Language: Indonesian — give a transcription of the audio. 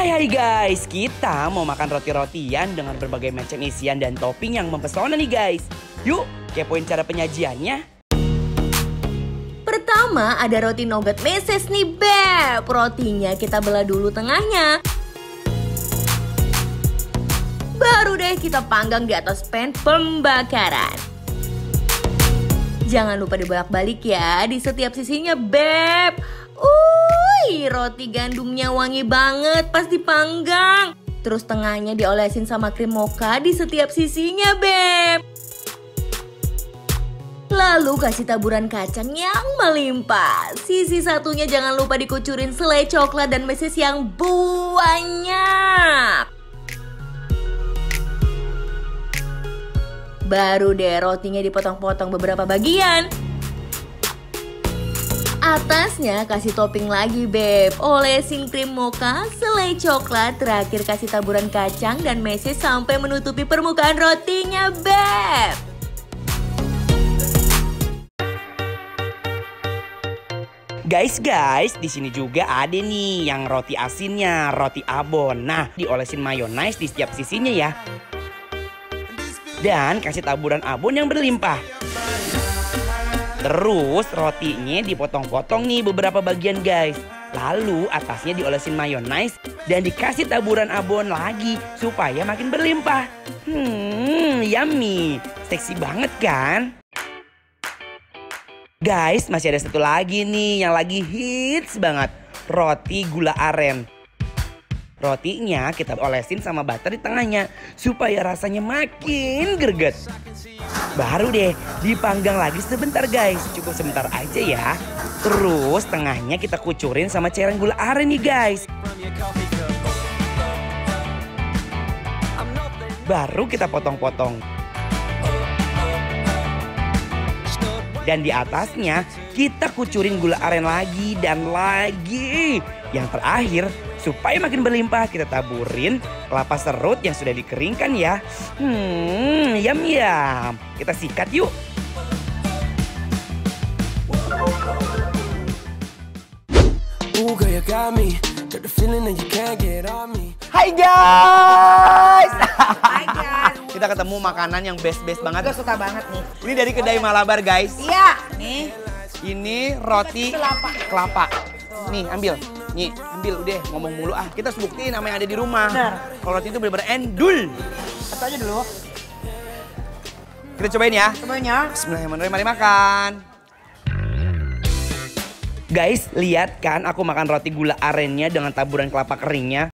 Hai hai guys, kita mau makan roti-rotian dengan berbagai macam isian dan topping yang mempesona nih guys. Yuk, kepoin cara penyajiannya. Pertama ada roti nugget meses nih beb. Rotinya kita belah dulu tengahnya. Baru deh kita panggang di atas pan pembakaran. Jangan lupa dibolak-balik ya di setiap sisinya beb. Uh. Wih, roti gandumnya wangi banget pas dipanggang. Terus tengahnya diolesin sama krim mocha di setiap sisinya, Beb. Lalu kasih taburan kacang yang melimpah. Sisi satunya jangan lupa dikucurin selai coklat dan meses yang banyak. Baru deh rotinya dipotong-potong beberapa bagian. Atasnya kasih topping lagi beb Olesin krim mocha, selai coklat Terakhir kasih taburan kacang dan meses sampai menutupi permukaan rotinya beb Guys, guys, di sini juga ada nih yang roti asinnya, roti abon. Nah, diolesin mayonaise di setiap sisinya ya. Dan kasih taburan abon yang berlimpah. Terus rotinya dipotong-potong nih beberapa bagian guys. Lalu atasnya diolesin mayonaise dan dikasih taburan abon lagi supaya makin berlimpah. Hmm, yummy. Seksi banget kan? Guys, masih ada satu lagi nih yang lagi hits banget. Roti gula aren. Rotinya kita olesin sama butter di tengahnya supaya rasanya makin greget. Baru deh dipanggang lagi sebentar guys, cukup sebentar aja ya. Terus tengahnya kita kucurin sama cairan gula aren nih guys. Baru kita potong-potong. Dan di atasnya kita kucurin gula aren lagi dan lagi. Yang terakhir Supaya makin berlimpah, kita taburin kelapa serut yang sudah dikeringkan ya. Hmm, yum yum. Kita sikat yuk. Hai guys! Hai guys! Kita ketemu makanan yang best-best banget. Gue suka banget nih. Ini dari kedai Malabar guys. Iya. Nih. Ini roti kelapa. kelapa. Nih, ambil. Nyi, ambil udah ngomong mulu ah. Kita harus buktiin nama yang ada di rumah. Kalau roti itu bener-bener endul. Kata aja dulu. Kita cobain ya. Cobain ya. Bismillahirrahmanirrahim, mari makan. Guys, lihat kan aku makan roti gula arennya dengan taburan kelapa keringnya.